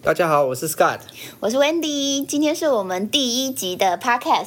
大家好，我是 Scott，我是 Wendy，今天是我們第一集的 podcast。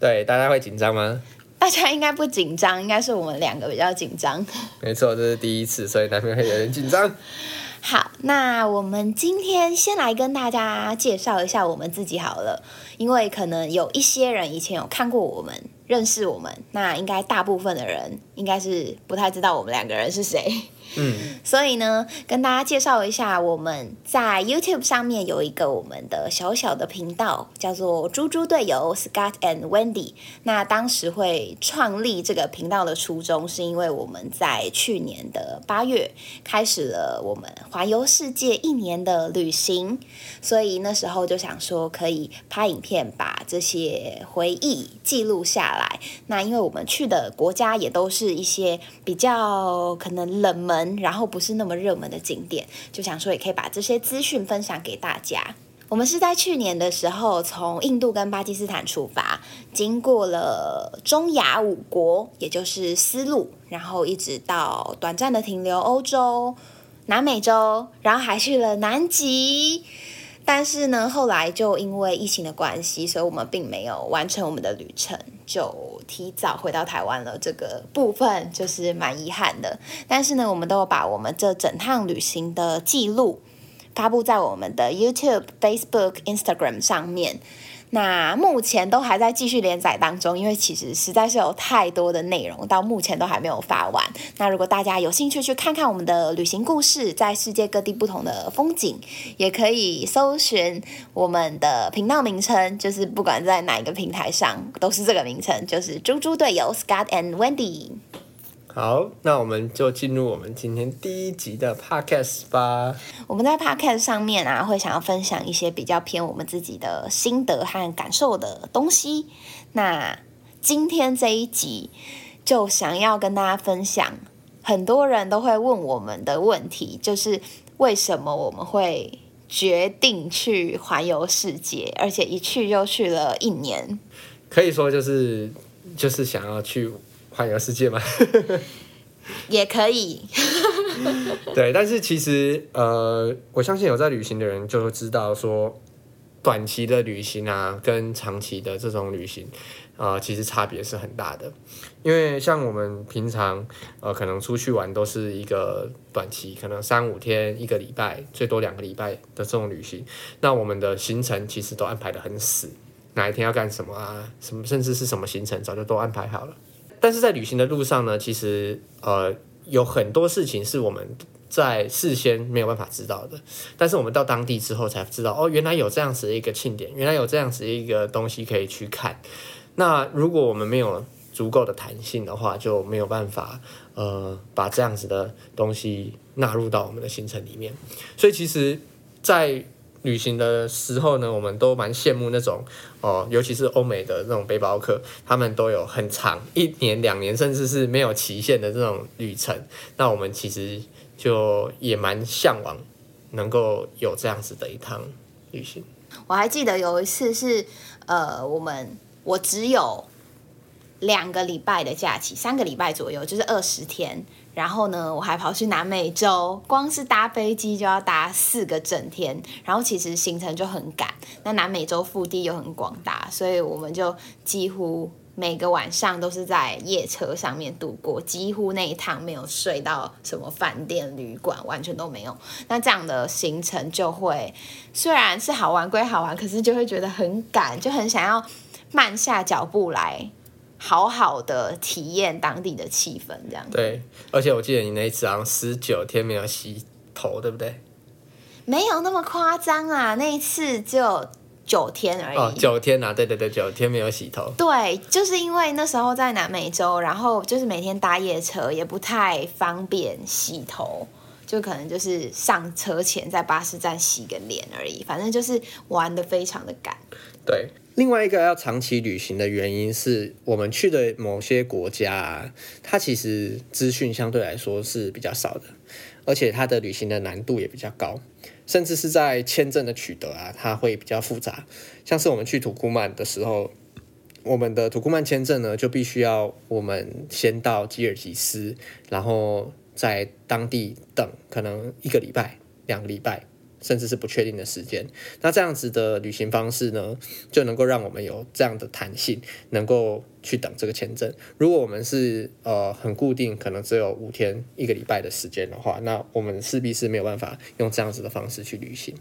對，大家會緊張嗎？大家應該不緊張，應該是我們兩個比較緊張。沒錯，這是第一次，所以難免會有點緊張。 好，那我們今天先來跟大家介紹一下我們自己好了，因為可能有一些人以前有看過我們，認識我們，那應該大部分的人應該是不太知道我們兩個人是誰。嗯，所以呢，跟大家介紹一下，我們在 YouTube 上面有一個我們的小小的頻道，叫做“豬豬隊友 Scott and Wendy”。那當時會創立這個頻道的初衷，是因為我們在去年的八月開始了我們環遊世界一年的旅行，所以那時候就想說可以拍影片把這些回憶記錄下來。那因為我們去的國家也都是一些比較可能冷門。然後不是那麼熱門的景點，就想說也可以把這些資訊分享給大家。我們是在去年的時候從印度跟巴基斯坦出發，經過了中亞五國，也就是絲路，然後一直到短暫的停留歐洲、南美洲，然後還去了南極。但是呢，後來就因為疫情的關係，所以我們並沒有完成我們的旅程，就提早回到台灣了。這個部分就是蠻遺憾的。但是呢，我們都有把我們這整趟旅行的記錄發布在我們的 YouTube、Facebook、Instagram 上面。那目前都還在繼續連載當中，因為其實實在是有太多的內容，到目前都還沒有發完。那如果大家有興趣去看看我們的旅行故事，在世界各地不同的風景，也可以搜尋我們的頻道名稱，就是不管在哪一個平台上，都是這個名稱，就是“豬豬隊友 Scott and Wendy”。好，那我們就進入我們今天第一集的 podcast 吧。我們在 podcast 上面啊，會想要分享一些比較偏我們自己的心得和感受的東西。那今天這一集就想要跟大家分享，很多人都會問我們的問題，就是為什麼我們會決定去環遊世界，而且一去就去了一年。可以說，就是就是想要去。環遊世界嗎？ 也可以。 對，但是其實，呃，我相信有在旅行的人就會知道說，說短期的旅行啊，跟長期的這種旅行啊，呃，其實差別是很大的。因為像我們平常呃，可能出去玩都是一個短期，可能三五天、一個禮拜，最多兩個禮拜的這種旅行。那我們的行程其實都安排得很死，哪一天要幹什麼啊，什麼甚至是什麼行程，早就都安排好了。但是在旅行的路上呢，其實呃有很多事情是我們在事先沒有辦法知道的，但是我們到當地之後才知道哦，原來有這樣子的一個慶典，原來有這樣子一個東西可以去看。那如果我們沒有足夠的彈性的話，就沒有辦法呃把這樣子的東西納入到我們的行程裡面。所以其實，在旅行的時候呢，我們都蠻羨慕那種哦、呃，尤其是歐美的那種背包客，他們都有很長一年、兩年，甚至是沒有期限的這種旅程。那我們其實就也蠻嚮往能夠有這樣子的一趟旅行。我還記得有一次是呃，我們我只有兩個禮拜的假期，三個禮拜左右，就是二十天。然後呢，我還跑去南美洲，光是搭飛機就要搭四個整天。然後其實行程就很趕，那南美洲腹地又很廣大，所以我們就幾乎每個晚上都是在夜車上面度過，幾乎那一趟沒有睡到什麼飯店旅館，完全都沒有。那這樣的行程就會，雖然是好玩歸好玩，可是就會覺得很趕，就很想要慢下腳步來。好好的體驗當地的氣氛，這樣。對，而且我記得你那一次好像十九天沒有洗頭，對不對？沒有那麼誇張啊，那一次只有九天而已。哦，九天啊，對對對，九天沒有洗頭。對，就是因為那時候在南美洲，然後就是每天搭夜車，也不太方便洗頭，就可能就是上車前在巴士站洗個臉而已。反正就是玩得非常的趕。對，另外一個要長期旅行的原因是我們去的某些國家啊，它其實資訊相對來說是比較少的，而且它的旅行的難度也比較高，甚至是在簽證的取得啊，它會比較複雜。像是我們去土庫曼的時候，我們的土庫曼簽證呢，就必須要我們先到吉爾吉斯，然後在當地等可能一個禮拜、兩個禮拜。甚至是不確定的時間，那這樣子的旅行方式呢，就能夠讓我們有這樣的彈性，能夠去等這個簽證。如果我們是呃很固定，可能只有五天一個禮拜的時間的話，那我們勢必是沒有辦法用這樣子的方式去旅行。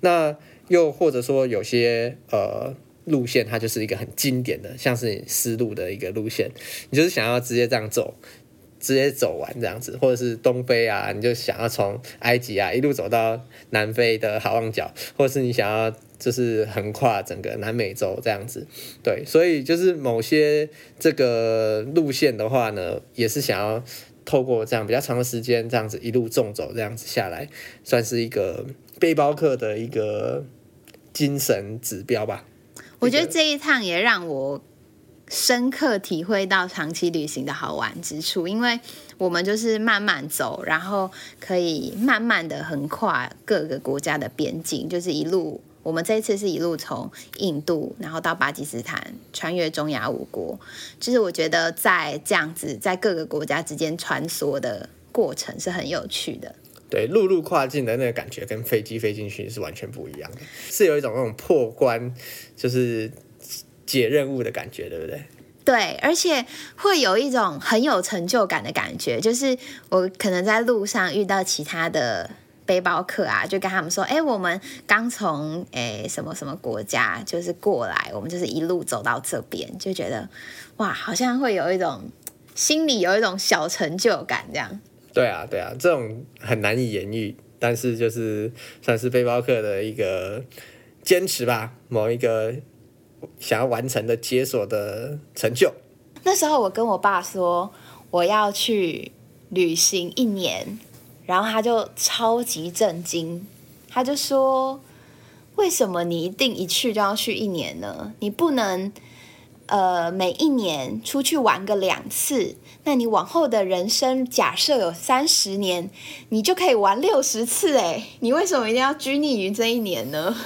那又或者說有些呃路線，它就是一個很經典的，像是絲路的一個路線，你就是想要直接這樣走。直接走完這樣子，或者是東非啊，你就想要從埃及啊一路走到南非的好望角，或者是你想要就是橫跨整個南美洲這樣子，對，所以就是某些這個路線的話呢，也是想要透過這樣比較長的時間這樣子一路縱走這樣子下來，算是一個背包客的一個精神指標吧。我覺得這一趟也讓我深刻體會到長期旅行的好玩之處，因為我們就是慢慢走，然後可以慢慢的橫跨各個國家的邊境，就是一路，我們這一次是一路從印度，然後到巴基斯坦，穿越中亞五國，就是我覺得在這樣子在各個國家之間穿梭的過程是很有趣的。對，陸路，路跨境的那個感覺跟飛機飛進去是完全不一樣的，是有一種那種破關，就是。解任務的感覺，對不對？對，而且會有一種很有成就感的感覺，就是我可能在路上遇到其他的背包客啊，就跟他們說：“欸，我們剛從欸，什麼什麼國家就是過來，我們就是一路走到這邊，就覺得哇，好像會有一種心裡有一種小成就感，這樣。”對啊，對啊，這種很難以言喻，但是就是算是背包客的一個堅持吧，某一個。想要完成的解鎖的成就。那時候我跟我爸說，我要去旅行一年，然後他就超級震驚，他就說：“為什麼你一定一去就要去一年呢？”你不能，呃，每一年出去玩個兩次，那你往後的人生，假設有三十年，你就可以玩六十次耶，你為什麼一定要拘泥於這一年呢？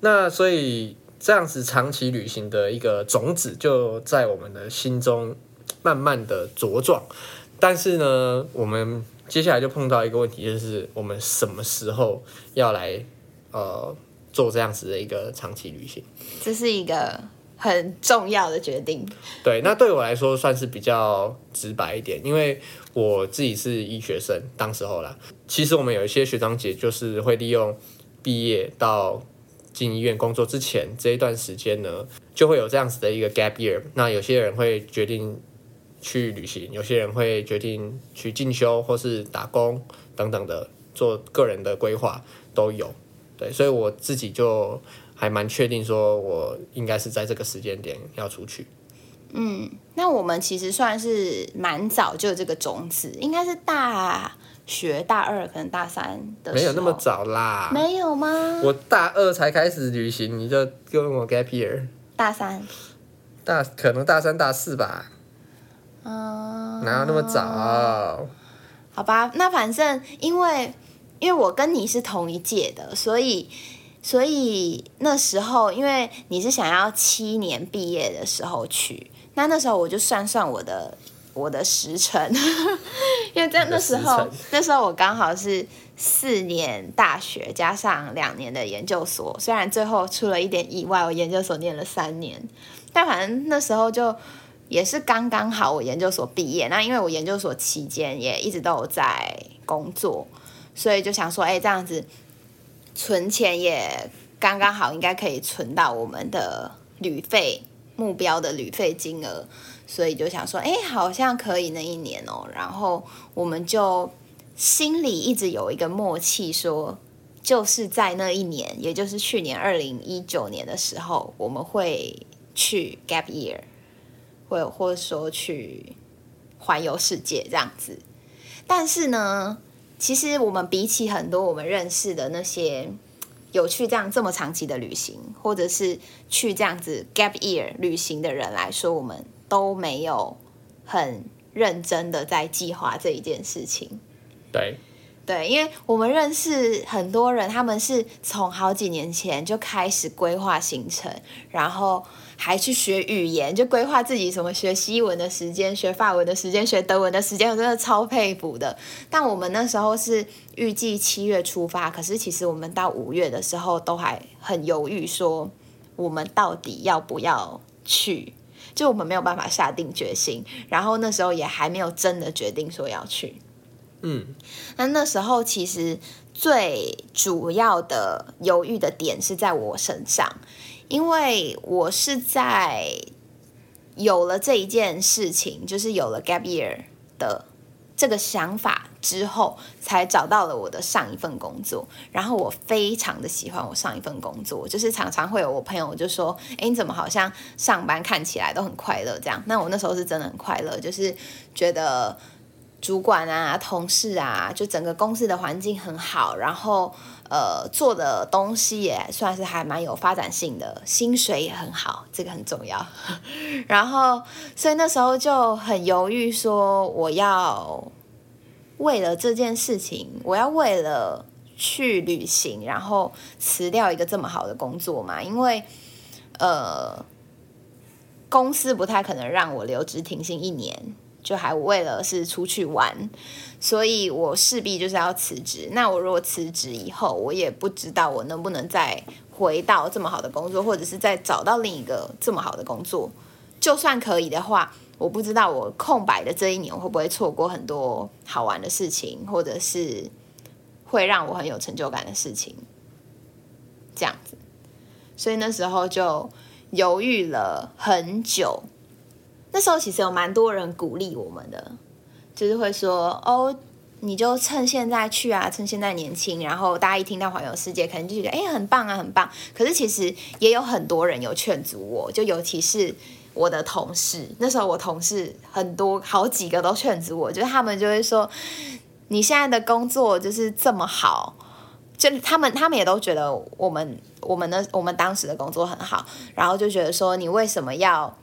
那所以。這樣子長期旅行的一個種子，就在我們的心中慢慢的茁壯，但是呢，我們接下來就碰到一個問題，就是我們什麼時候要來呃做這樣子的一個長期旅行？這是一個很重要的決定。對，那對我來說算是比較直白一點，因為我自己是醫學生，當時候啦，其實我們有一些學長姐就是會利用畢業到。進醫院工作之前這一段時間呢，就會有這樣子的一個 gap year。那有些人會決定去旅行，有些人會決定去進修或是打工等等的，做個人的規劃都有。對，所以我自己就還蠻確定，說我應該是在這個時間點要出去。嗯，那我們其實算是蠻早就有這個種子，應該是大啊。學大二可能大三的，沒有那麼早啦，沒有嗎？我大二才開始旅行，你就跟我 gap year，大三大可能大三大四吧，嗯，哪有那麼早？好吧，那反正因為因為我跟你是同一屆的，所以所以那時候因為你是想要七年畢業的時候去，那那時候我就算算我的。我的時辰，因為在那時候，那時候我剛好是四年大學加上兩年的研究所，雖然最後出了一點意外，我研究所念了三年，但反正那時候就也是剛剛好我研究所畢業。那因為我研究所期間也一直都有在工作，所以就想說，哎，這樣子存錢也剛剛好，應該可以存到我們的旅費目標的旅費金額。所以就想說，哎，好像可以那一年哦。然後我們就心裡一直有一個默契說，就是在那一年，也就是去年二零一九年的時候，我們會去 gap year，會，或者說去環遊世界這樣子。但是呢，其實我們比起很多我們認識的那些有去這樣這麼長期的旅行，或者是去這樣子 gap year 旅行的人來說，我們，都沒有很認真的在計劃這一件事情。對，對，因為我們認識很多人，他們是從好幾年前就開始規劃行程，然後還去學語言，就規劃自己什麼學西文的時間、學法文的時間、學德文的時間，我真的超佩服的。但我們那時候是預計七月出發，可是其實我們到五月的時候都還很猶豫，說我們到底要不要去。就我們沒有辦法下定決心，然後那時候也還沒有真的決定說要去，嗯，那那時候其實最主要的猶豫的點是在我身上，因為我是在有了這一件事情，就是有了 gap year 的這個想法。之後才找到了我的上一份工作，然後我非常的喜歡我上一份工作，就是常常會有我朋友就說：“誒，你怎麼好像上班看起來都很快樂？”這樣，那我那時候是真的很快樂，就是覺得主管啊、同事啊，就整個公司的環境很好，然後呃做的東西也算是還蠻有發展性的，薪水也很好，這個很重要。 然後所以那時候就很猶豫說我要。為了這件事情，我要為了去旅行，然後辭掉一個這麼好的工作嗎？因為，呃，公司不太可能讓我留職停薪一年，就還為了是出去玩，所以我勢必就是要辭職。那我如果辭職以後，我也不知道我能不能再回到這麼好的工作，或者是再找到另一個這麼好的工作。就算可以的話，我不知道我空白的這一年我會不會錯過很多好玩的事情，或者是會讓我很有成就感的事情。這樣子，所以那時候就猶豫了很久。那時候其實有蠻多人鼓勵我們的，就是會說：“哦，你就趁現在去啊，趁現在年輕。”然後大家一聽到環遊世界，可能就覺得：“欸，很棒啊，很棒。”可是其實也有很多人有勸阻我，就尤其是。我的同事那時候，我同事很多好幾個都勸阻我，就是他們就會說：“你現在的工作就是這麼好。”就他們他們也都覺得我們我們的我們當時的工作很好，然後就覺得說你為什麼要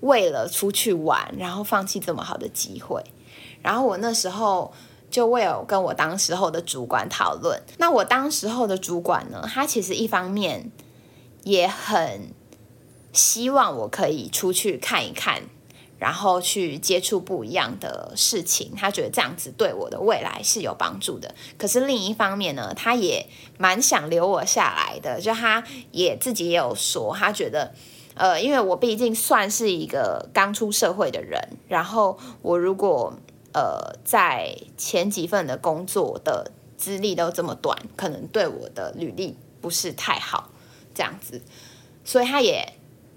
為了出去玩，然後放棄這麼好的機會？然後我那時候就為了跟我當時候的主管討論。那我當時候的主管呢，他其實一方面也很。希望我可以出去看一看，然後去接觸不一樣的事情。他覺得這樣子對我的未來是有幫助的。可是另一方面呢，他也蠻想留我下來的。就他也自己也有說，他覺得，呃，因為我畢竟算是一個剛出社會的人，然後我如果呃在前幾份的工作的資歷都這麼短，可能對我的履歷不是太好。這樣子，所以他也。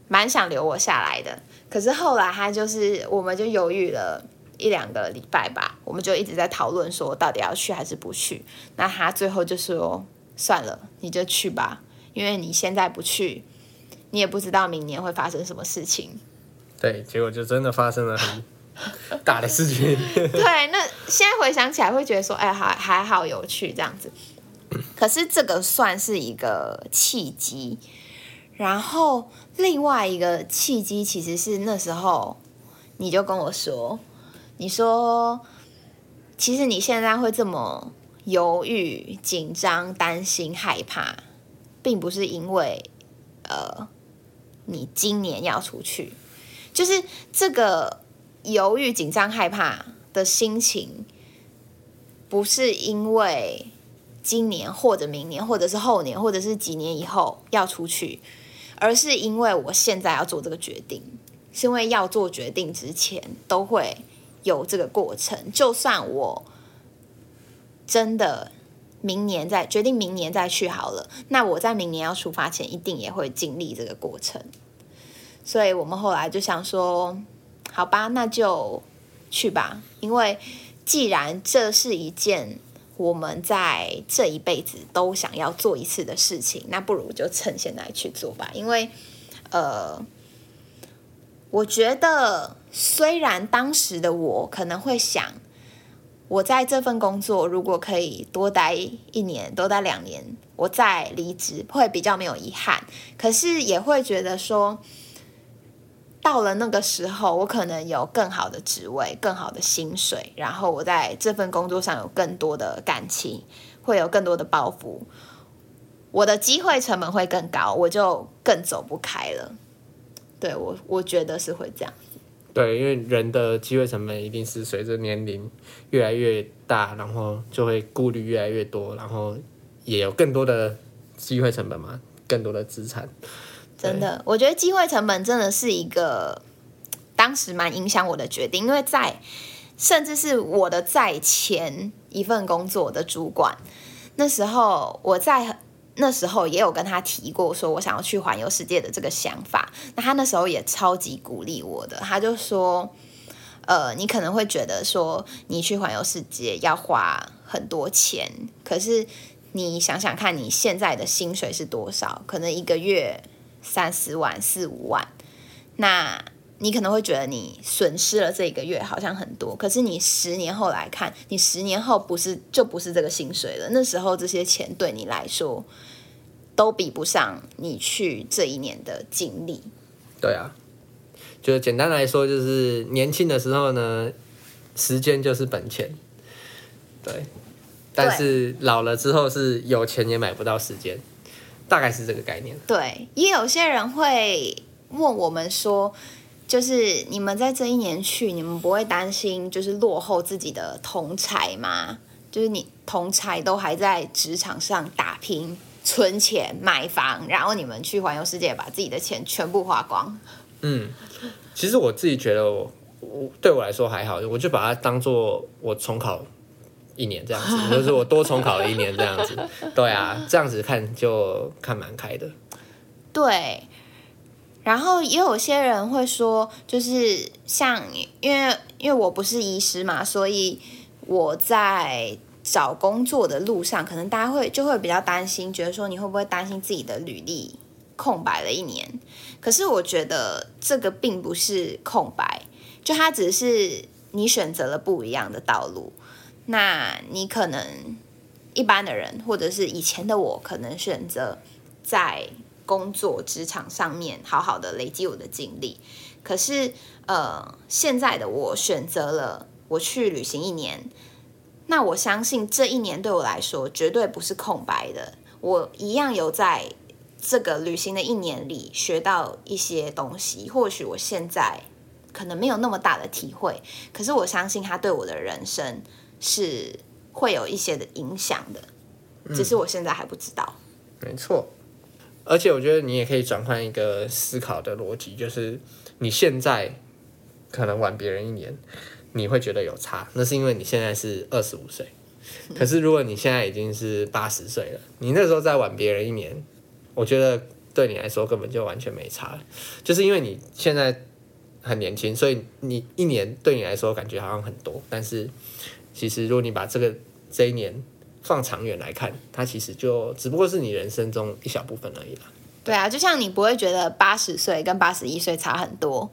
蠻想留我下來的，可是後來他就是，我們就猶豫了一兩個禮拜吧，我們就一直在討論說，到底要去還是不去。那他最後就說，算了，你就去吧，因為你現在不去，你也不知道明年會發生什麼事情。對，結果就真的發生了很大的事情。 對，那現在回想起來會覺得說，哎、欸，還還好，還好有去這樣子。可是這個算是一個契機。然後另外一個契機，其實是那時候你就跟我說，你說其實你現在會這麼猶豫、緊張、擔心、害怕，並不是因為呃你今年要出去，就是這個猶豫、緊張、害怕的心情，不是因為今年或者明年，或者是後年，或者是幾年以後要出去。而是因為我現在要做這個決定，是因為要做決定之前都會有這個過程。就算我真的明年再決定明年再去好了，那我在明年要出發前一定也會經歷這個過程。所以我們後來就想說，好吧，那就去吧。因為既然這是一件。我們在這一輩子都想要做一次的事情，那不如就趁現在去做吧。因為，呃，我覺得雖然當時的我可能會想，我在這份工作如果可以多待一年、多待兩年，我再離職會比較沒有遺憾。可是也會覺得說。到了那個時候，我可能有更好的職位、更好的薪水，然後我在這份工作上有更多的感情，會有更多的包袱。我的機會成本會更高，我就更走不開了。對我，我覺得是會這樣。對，因為人的機會成本一定是隨着年齡越來越大，然後就會顧慮越來越多，然後也有更多的機會成本嘛，更多的資產。真的，我覺得機會成本真的是一個當時蠻影響我的決定，因為在甚至是我的在前一份工作的主管，那時候我在那時候也有跟他提過，說我想要去環遊世界的這個想法。那他那時候也超級鼓勵我的，他就說：“呃，你可能會覺得說你去環遊世界要花很多錢，可是你想想看你現在的薪水是多少，可能一個月。”三十萬、四五萬，那你可能會覺得你損失了這一個月好像很多，可是你十年後來看，你十年後不是就不是這個薪水了，那時候這些錢對你來說都比不上你去這一年的經歷。對啊，就是簡單來說，就是年輕的時候呢，時間就是本錢。對，對，但是老了之後是有錢也買不到時間。大概是這個概念。對，也有些人會問我們說，就是你們在這一年去，你們不會擔心就是落後自己的同儕嗎？就是你同儕都還在職場上打拼、存錢、買房，然後你們去環遊世界，把自己的錢全部花光？嗯，其實我自己覺得我，我對我來說還好，我就把它當做我重考，一年這樣子，就是我多重考了一年這樣子。 對啊，這樣子看就看蠻開的。對，然後也有些人會說，就是像因為因為我不是醫師嘛，所以我在找工作的路上，可能大家會就會比較擔心，覺得說你會不會擔心自己的履歷空白了一年？可是我覺得這個並不是空白，就它只是你選擇了不一樣的道路。那你可能一般的人，或者是以前的我，可能選擇在工作職場上面好好的累積我的經歷。可是，呃，現在的我選擇了我去旅行一年。那我相信這一年對我來說絕對不是空白的。我一樣有在這個旅行的一年裡學到一些東西。或許我現在可能沒有那麼大的體會，可是我相信他對我的人生。是會有一些的影響的，只是、嗯、我現在還不知道。沒錯，而且我覺得你也可以轉換一個思考的邏輯，就是你現在可能晚別人一年，你會覺得有差，那是因為你現在是二十五歲。可是如果你現在已經是八十歲了，嗯、你那時候再晚別人一年，我覺得對你來說根本就完全沒差，就是因為你現在很年輕，所以你一年對你來說感覺好像很多，但是。其實，如果你把這個這一年放長遠來看，它其實就只不過是你人生中一小部分而已啦。對，對啊，就像你不會覺得八十歲跟八十一歲差很多，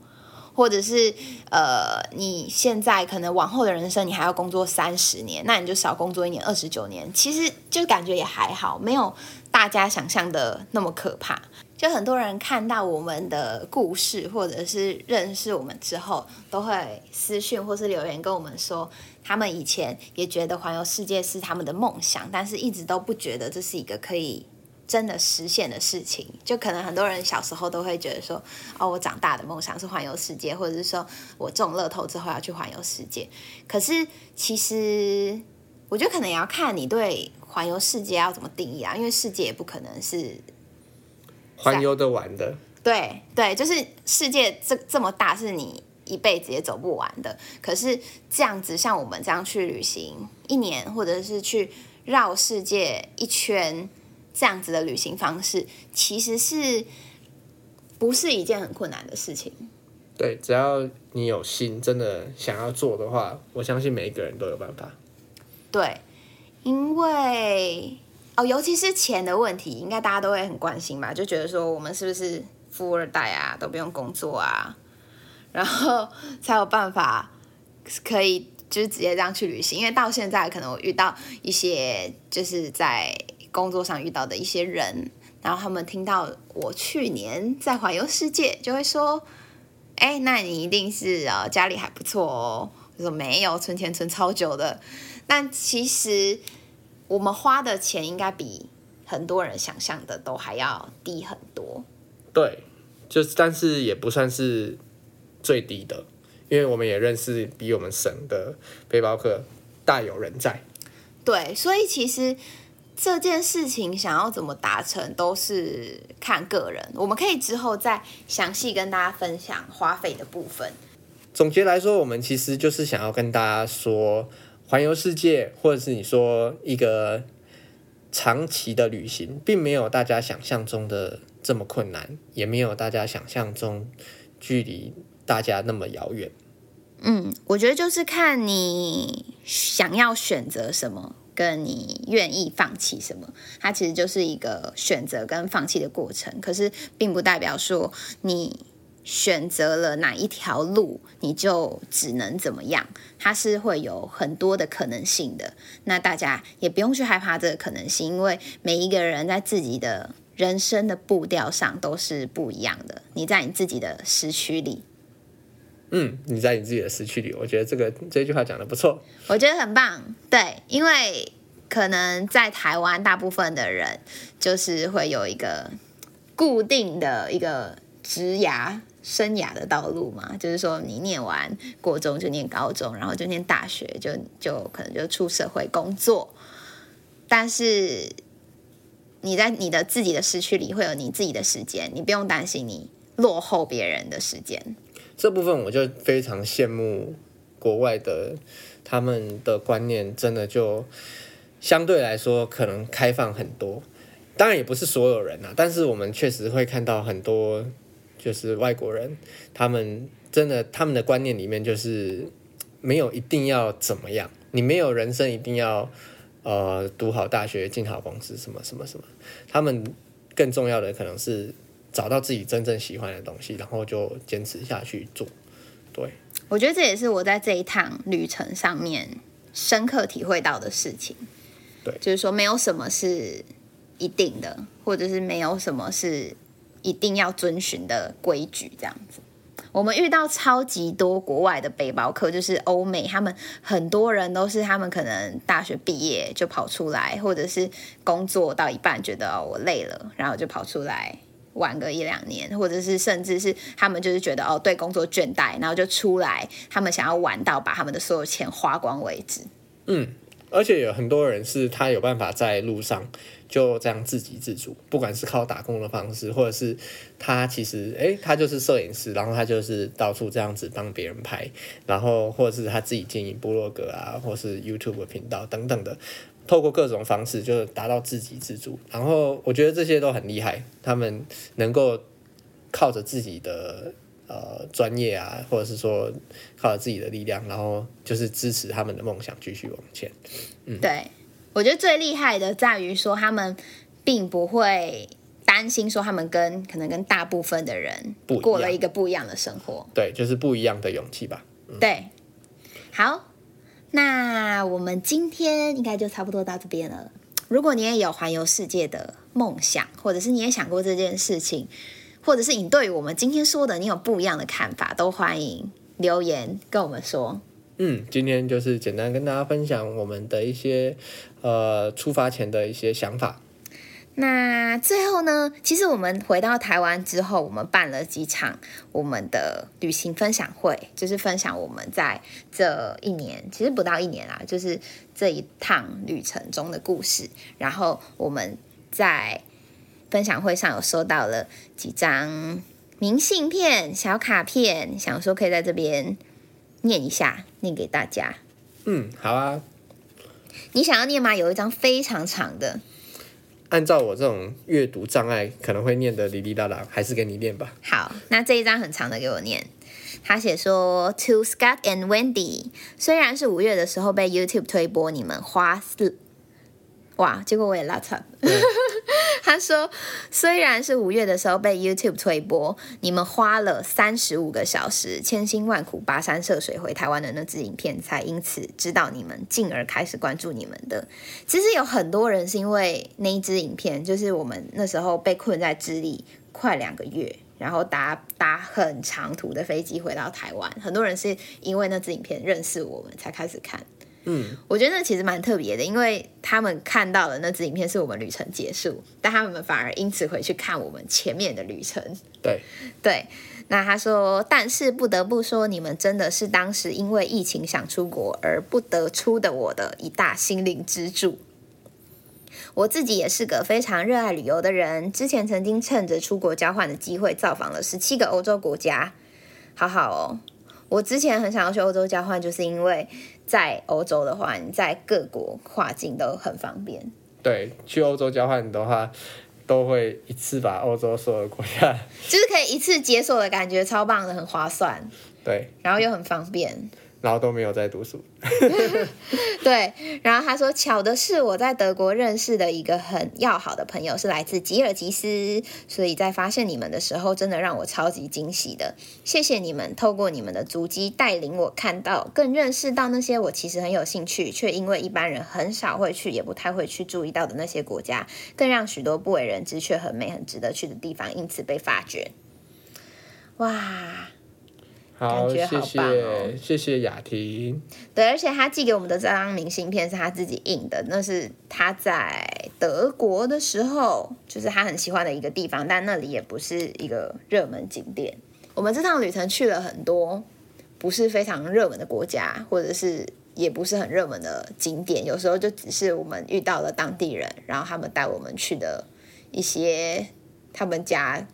或者是呃，你現在可能往後的人生你還要工作三十年，那你就少工作一年，二十九年，其實就感覺也還好，沒有大家想象的那麼可怕。就很多人看到我們的故事，或者是認識我們之後，都會私訊或是留言跟我們說。他們以前也覺得環遊世界是他們的夢想，但是一直都不覺得這是一個可以真的實現的事情。就可能很多人小時候都會覺得說：“哦，我長大的夢想是環遊世界，或者是說我中樂透之後要去環遊世界。”可是其實，我覺得可能也要看你對環遊世界要怎麼定義啊，因為世界也不可能是環遊的完的。對對，就是世界這這麼大，是你。一輩子也走不完的，可是這樣子像我們這樣去旅行，一年或者是去繞世界一圈這樣子的旅行方式，其實是不是一件很困難的事情？對，只要你有心，真的想要做的話，我相信每一個人都有辦法。對，因為哦，尤其是錢的問題，應該大家都會很關心吧？就覺得說我們是不是富二代啊，都不用工作啊。然後才有辦法可以就是直接這樣去旅行，因為到現在可能我遇到一些就是在工作上遇到的一些人，然後他們聽到我去年在環遊世界，就會說：“哎、欸，那你一定是、哦、家裡還不錯哦。”我說：“沒有，存錢存超久的。”但其實我們花的錢應該比很多人想象的都還要低很多。對，就是，但是也不算是。最低的，因為我們也認識比我們省的背包客大有人在。對，所以其實這件事情想要怎麼達成，都是看個人。我們可以之後再詳細跟大家分享花費的部分。總結來說，我們其實就是想要跟大家說，環遊世界，或者是你說一個長期的旅行，並沒有大家想象中的這麼困難，也沒有大家想象中距離大家那麼遙遠，嗯，我覺得就是看你想要選擇什麼，跟你願意放棄什麼，它其實就是一個選擇跟放棄的過程。可是並不代表說你選擇了哪一條路，你就只能怎麼樣，它是會有很多的可能性的。那大家也不用去害怕這個可能性，因為每一個人在自己的人生的步調上都是不一樣的。你在你自己的時區裡。嗯，你在你自己的時區裡，我覺得這個這句話講的不錯，我覺得很棒。對，因為可能在台灣，大部分的人就是會有一個固定的一個職涯生涯的道路嘛，就是說你念完國中就念高中，然後就念大學就，就就可能就出社會工作。但是你在你的自己的時區裡，會有你自己的時間，你不用擔心你落後別人的時間。這部分我就非常羨慕國外的，他們的觀念真的就相對來說可能開放很多，當然也不是所有人啊，但是我們確實會看到很多就是外國人，他們真的他們的觀念裡面就是沒有一定要怎麼樣，你沒有人生一定要呃讀好大學進好公司什麼什麼什麼，他們更重要的可能是。找到自己真正喜歡的東西，然後就堅持下去做。對，我覺得這也是我在這一趟旅程上面深刻體會到的事情。對，就是說沒有什麼是一定的，或者是沒有什麼是一定要遵循的規矩。這樣子，我們遇到超級多國外的背包客，就是歐美，他們很多人都是他們可能大學畢業就跑出來，或者是工作到一半覺得，哦，我累了，然後就跑出來。玩個一兩年，或者是甚至是他們就是覺得哦，對工作倦怠，然後就出來，他們想要玩到把他們的所有錢花光為止。嗯，而且有很多人是他有辦法在路上就這樣自給自足，不管是靠打工的方式，或者是他其實誒、欸，他就是攝影師，然後他就是到處這樣子幫別人拍，然後或者是他自己經營部落格啊，或是 YouTube 頻道等等的。透過各種方式，就是達到自給自足。然後我覺得這些都很厲害，他們能夠靠着自己的呃專業啊，或者是說靠着自己的力量，然後就是支持他們的夢想繼續往前。嗯，對，我覺得最厲害的在於說，他們並不會擔心說他們跟可能跟大部分的人不一樣，過了一個不一樣的生活。對，就是不一樣的勇氣吧。嗯，對，好。那我們今天應該就差不多到這邊了。如果你也有環遊世界的夢想，或者是你也想過這件事情，或者是你對我們今天說的你有不一樣的看法，都歡迎留言跟我們說。嗯，今天就是簡單跟大家分享我們的一些呃出發前的一些想法。那最後呢，其實我們回到台灣之後，我們辦了幾場我們的旅行分享會，就是分享我們在這一年，其實不到一年啦，就是這一趟旅程中的故事。然後我們在分享會上有收到了幾張明信片、小卡片，想說可以在這邊念一下，念給大家。嗯，好啊。你想要念嗎？有一張非常長的。按照我這種閱讀障礙，可能會念得哩哩噠啦，還是給你念吧。好，那這一張很長的給我念。他寫說：“To Scott and Wendy，雖然是五月的時候被 YouTube 推播，你們花四。”哇！結果我也拉他。 他說，雖然是五月的時候被 YouTube 推播，你們花了三十五個小時，千辛萬苦跋山涉水回台灣的那支影片，才因此知道你們，進而開始關注你們的。其實有很多人是因為那一支影片，就是我們那時候被困在智利快兩個月，然後搭搭很長途的飛機回到台灣，很多人是因為那支影片認識我們，才開始看。嗯，我覺得那其實蠻特別的，因為他們看到的那支影片是我們旅程結束，但他們反而因此回去看我們前面的旅程。對對，對，那他說，但是不得不說，你們真的是當時因為疫情想出國而不得出的我的一大心靈支柱。我自己也是個非常熱愛旅遊的人，之前曾經趁着出國交換的機會造訪了十七個歐洲國家。好好哦，我之前很想要去歐洲交換，就是因為。在歐洲的話，你在各國跨境都很方便。對，去歐洲交換的話，都會一次把歐洲所有國家，就是可以一次解鎖的感覺，超棒的，很划算。對，然後又很方便。嗯。然後都沒有在讀書， 對。然後他說， 巧的是，我在德國認識的一個很要好的朋友是來自吉爾吉斯，所以在發現你們的時候，真的讓我超級驚喜的。謝謝你們，透過你們的足跡帶領我看到，更認識到那些我其實很有興趣，卻因為一般人很少會去，也不太會去注意到的那些國家，更讓許多不為人知卻很美、很值得去的地方因此被發掘。哇！好，感覺好棒哦。謝謝，謝謝雅婷。對，而且他寄給我們的這張明信片是他自己印的，那是他在德國的時候，就是他很喜歡的一個地方，但那裡也不是一個熱門景點。我們這趟旅程去了很多不是非常熱門的國家，或者是也不是很熱門的景點，有時候就只是我們遇到了當地人，然後他們帶我們去的一些他們家。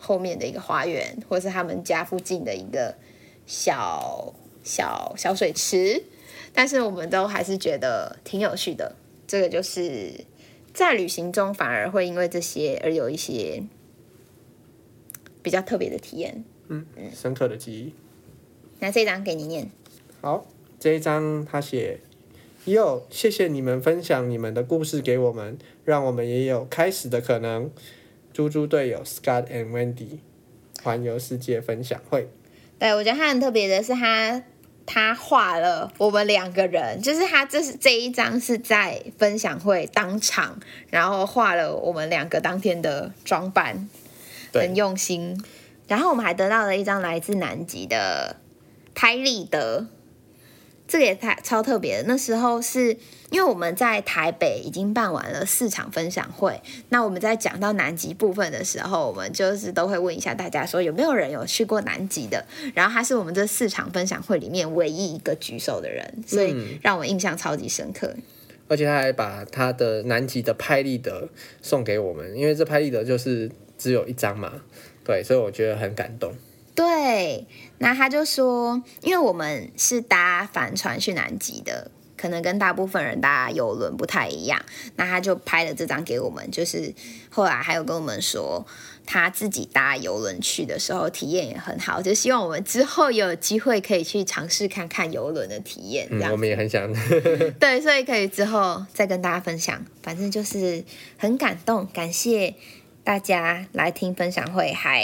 後面的一個花園，或是他們家附近的一個小小小水池，但是我們都還是覺得挺有趣的。這個就是在旅行中，反而會因為這些而有一些比較特別的體驗，嗯嗯，嗯，深刻的記憶。那這張給你念。好，這一張他寫：喲，謝謝你們分享你們的故事給我們，讓我們也有開始的可能。豬豬隊友 Scott and Wendy 環遊世界分享會，對，我覺得他很特別的是他，他他畫了我們兩個人，就是他這是這一張是在分享會當場，然後畫了我們兩個當天的裝扮，很用心。對然後我們還得到了一張來自南極的拍立得。這個也太超特別的，那時候是因為我們在台北已經辦完了四場分享會，那我們在講到南極部分的時候，我們就是都會問一下大家說有沒有人有去過南極的，然後他是我們這四場分享會裡面唯一一個舉手的人，所以讓我印象超級深刻，嗯。而且他還把他的南極的拍立得送給我們，因為這拍立得就是只有一張嘛，對，所以我覺得很感動。對，那他就說，因為我們是搭帆船去南極的，可能跟大部分人搭遊輪不太一樣。那他就拍了這張給我們，就是後來還有跟我們說，他自己搭遊輪去的時候體驗也很好，就希望我們之後有機會可以去嘗試看看遊輪的體驗，這樣。嗯。我們也很想， 對，所以可以之後再跟大家分享。反正就是很感動，感謝大家來聽分享會，還。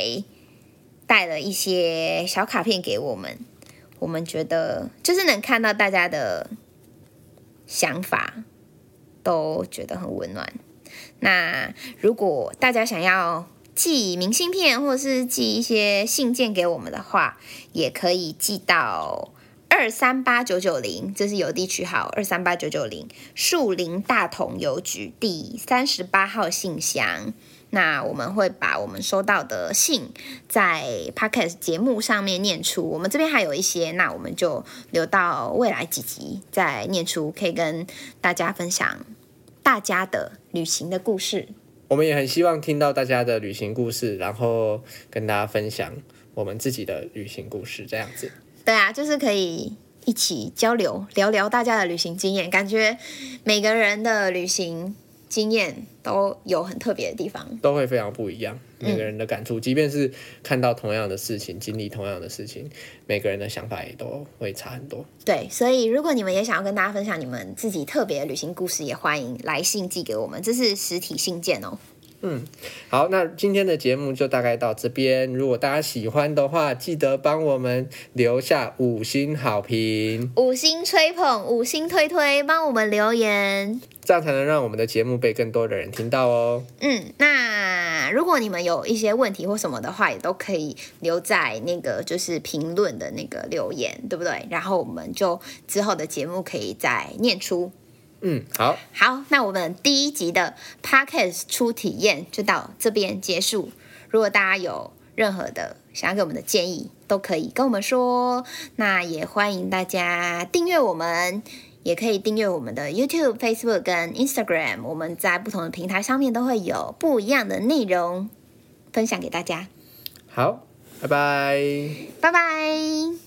帶了一些小卡片給我們，我們覺得就是能看到大家的想法，都覺得很溫暖。那如果大家想要寄明信片或是寄一些信件給我們的話，也可以寄到二三八九九零，這是郵遞區號，二三八九九零樹林大同郵局第三十八號信箱。那我們會把我們收到的信在 Podcast 節目上面念出。我們這邊還有一些，那我們就留到未來幾集再念出，可以跟大家分享大家的旅行的故事。我們也很希望聽到大家的旅行故事，然後跟大家分享我們自己的旅行故事。這樣子，對啊，就是可以一起交流聊聊大家的旅行經驗，感覺每個人的旅行，經驗都有很特別的地方，都會非常不一樣。每個人的感觸，嗯、即便是看到同樣的事情，經歷同樣的事情，每個人的想法也都會差很多。對，所以如果你們也想要跟大家分享你們自己特別的旅行故事，也歡迎來信寄給我們，這是實體信件哦。嗯，好，那今天的節目就大概到這邊。如果大家喜歡的話，記得幫我們留下五星好評，五星吹捧，五星推推，幫我們留言。這樣才能讓我們的節目被更多的人聽到哦。嗯，那如果你們有一些問題或什麼的話，也都可以留在那個就是評論的那個留言，對不對？然後我們就之後的節目可以再念出。嗯，好。好，那我們第一集的 podcast 初體驗就到這邊結束。如果大家有任何的想要給我們的建議，都可以跟我們說。那也歡迎大家訂閱我們。也可以訂閱我們的 YouTube、Facebook 跟 Instagram，我們在不同的平台上面都會有不一樣的內容分享給大家。好，拜拜，拜拜。